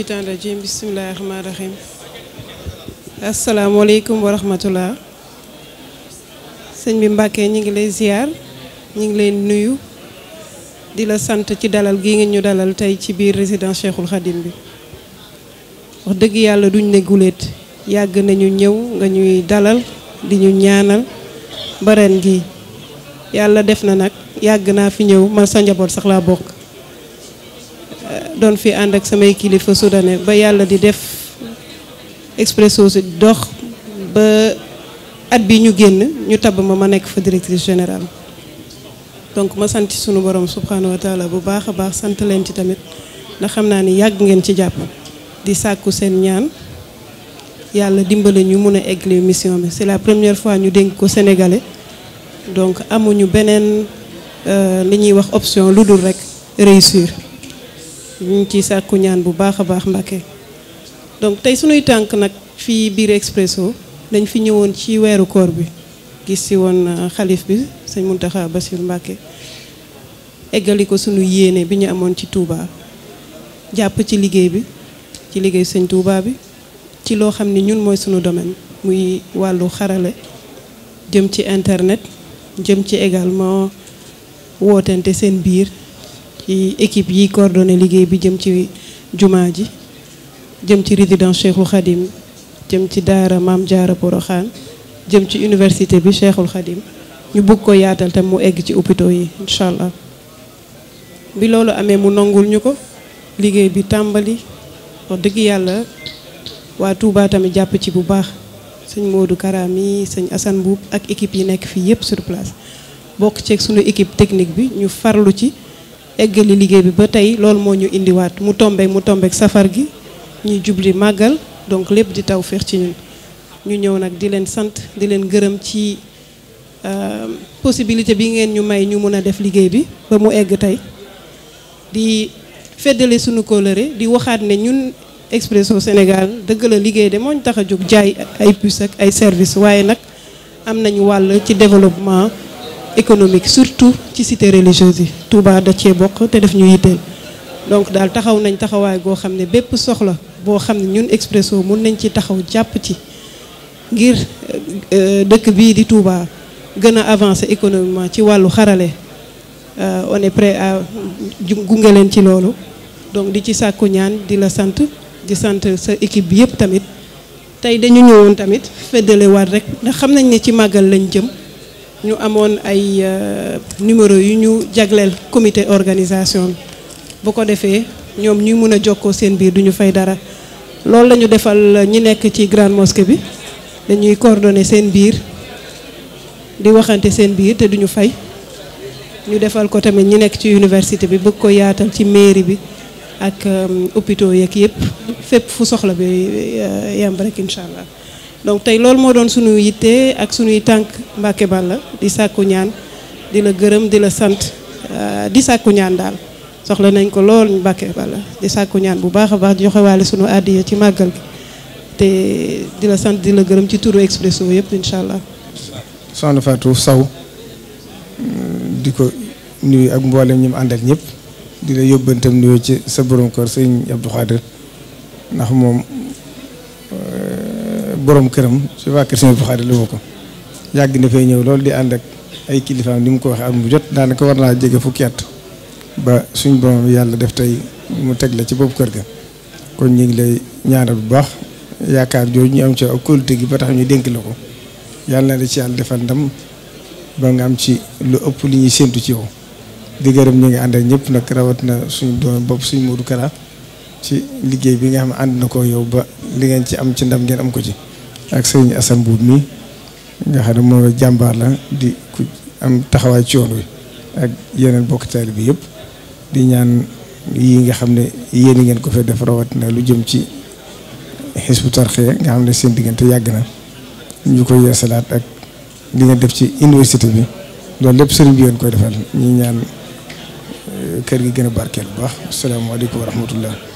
seytaan rajim bisimilahi rahmaani rahim asalaamaaleykum wa sëñ bi Mbàkke ñi ngi lay ziar ñi ngi leen nuyu di la sant ci dalal gi ngeen ñu dalal tey ci biir résidence Cheikhul Khadim bi wax dëgg yàlla duñ ne guléet yàgg nañu ñëw nga ñuy dalal di ñu ñaanal bareen gi yàlla def na nag yàgg naa fi ñëw man sa njaboot sax laa bokk doon fi ànd ak samay kilifa soudanais ba yàlla di def Expresso si dox ba at bi ñu génn ñu tabb ma ma nekk fa directrice générale donc ma sant sunu borom subhanahu wa bu baax a baax sant leen ci tamit ndax xam naa ni yàgg ngeen ci jàpp di sàkku seen ñaan yàlla dimbale ñu mun a eggle mission bi c'est la première fois ñu dénk ko sénégalais donc amuñu beneen euh, li ñuy wax option lu dul rek réussir ñu ngi ciy sàkku ñaan bu baax a baax Mbàkke donc tey suñuy tànk nag fii biir Expresso dañ fi ñëwoon ci weeru koor bi gis si woon euh, xalif bi sëñ Muntaxa Basir Mbàkke eggali ko suñu yéene bi ñu amoon ci Touba jàpp ci liggéey bi ci liggéey sëñ Touba bi ci loo xam ni ñun mooy sunu domaine muy wàllu xarale jëm ci internet jëm ci également wootante seen biir ci équipe yi coordonné liggéey bi jëm ci jumaa ji jëm ci résidence Cheikhul Khadim jëm ci daara Maam Jaara Poroxaan jëm ci université bi Cheikhul xadim ñu bugg ko yaatal tam mu egg ci opito yi incha allah bi loolu amee mu nangul ñu ko liggéey bi tàmbali wax dëgg yàlla waa Touba tamit jàpp ci bu baax sëñ Modou Karam yi sëñ Assane Mbuub ak équipe yi nekk fii yëpp sur place bokk ceeg suñu équipe technique bi ñu farlu ci eggali liggéey bi ba tey loolu moo ñu indiwaat mu tombeek mu tombeek safar gi ñuy jubli màggal donc lépp di taw feex ci ñun ñu ñëw nag di leen sant di leen gërëm ci euh, possibilité bi ngeen ñu may ñu mën a def liggéey bi ba mu egg tey di feddale suñu kóllëre di waxaat ne ñun Expresso Sénégal dëgg la liggéey de moo ñu tax a jóg jaay ay puces ak ay services waaye nag am nañu wàll ci développement économique surtout ci cité religieuse yi Touba da cee bokk te def ñu yitteel donc daal taxaw nañ taxawaay goo xam ne bépp soxla boo xam ne ñun Expresso mun nañ ci taxaw jàpp ci ngir euh, euh, dëkk bii di Touba gën a avancer économiquement ci wàllu xarale euh, on est prêt à gunge leen ci loolu donc di ci sàkku ñaan di la sant di sant sa équipe bi yëpp tamit tey dañu ñëwoon tamit feddale waat rek ndax xam nañ ne ci màggal lañ jëm ñu amoon ay euh, numéro yu ñu jagleel comité organisation bu ko defee ñoom ñuy mun a jokkoo seen biir duñu fay dara loolu lañu defal ñi nekk ci grande mosquée bi dañuy coordonner seen biir di waxante seen biir te duñu fay ñu defal ko tamit ñi nekk ci université bi bëgg ko yaatal ci mairie bi ak euh, hôpitaux yeeg yëpp fépp fu soxla bi euh, yem rek allah. donc tey loolu moo doon suñu yitte ak suñuy tànk Mbàkke Balla di sàkku ñaan di la gërëm di la sant euh, di sàkku ñaan daal soxla nañ ko lool Mbàkke Balla di sàkku ñaan bu baax a baax di joxewaale suñu àddiya ci màggal gi te di la sant di la gërëm ci turu Expresso yëpp incha allah. soxna Fatou Sow euh, di ko nuyu ak mboolem ñi mu àndal ñëpp di la yóbbantam nuyoo ci sa borom kër sëñ Abdou Khadir ndax moom. borom këram su fekkee sëñ Abdou Khadre la woo ko yàgg na fay ñëw loolu di ànd ak ay kilifaam ni mu ko waxee ak mu jot daanaka war naa jege fukki at ba suñ borom yàlla def tey mu teg la ci bopp kër ga kon ñu ngi lay ñaanal bu baax yaakaar jooju ñu am ci ak gi ba tax ñu dénk la ko yàlla na la ci yàlla defal ndam ba nga am ci lu ëpp li ñuy séntu ci yow di gërëm ñu ngi ànd ak ñëpp nag rawat na suñ doom bopp suñ Modou Kara ci liggéey bi nga xam ne ànd na ko yow ba li ngeen ci am ci ndam ngeen am ko ci ak sëñ Assane Mbuub mi nga xam ne moom jàmbaar la di ku am taxawaay ci yoon wi ak yeneen bokk taalibe bi yëpp di ñaan yi nga xam ne yéen ngeen ko fee def rawatina lu jëm ci Hizbut Tarqiyyah nga xam ne seen diggante yàgg na ñu koy yeesalaat ak li nga def ci université bi loolu lépp sëriñ bi ngeen koy defal ñu ñaan eh, kër gi gën a barkeel bu baax asalaamaaleykum wa rahmatullah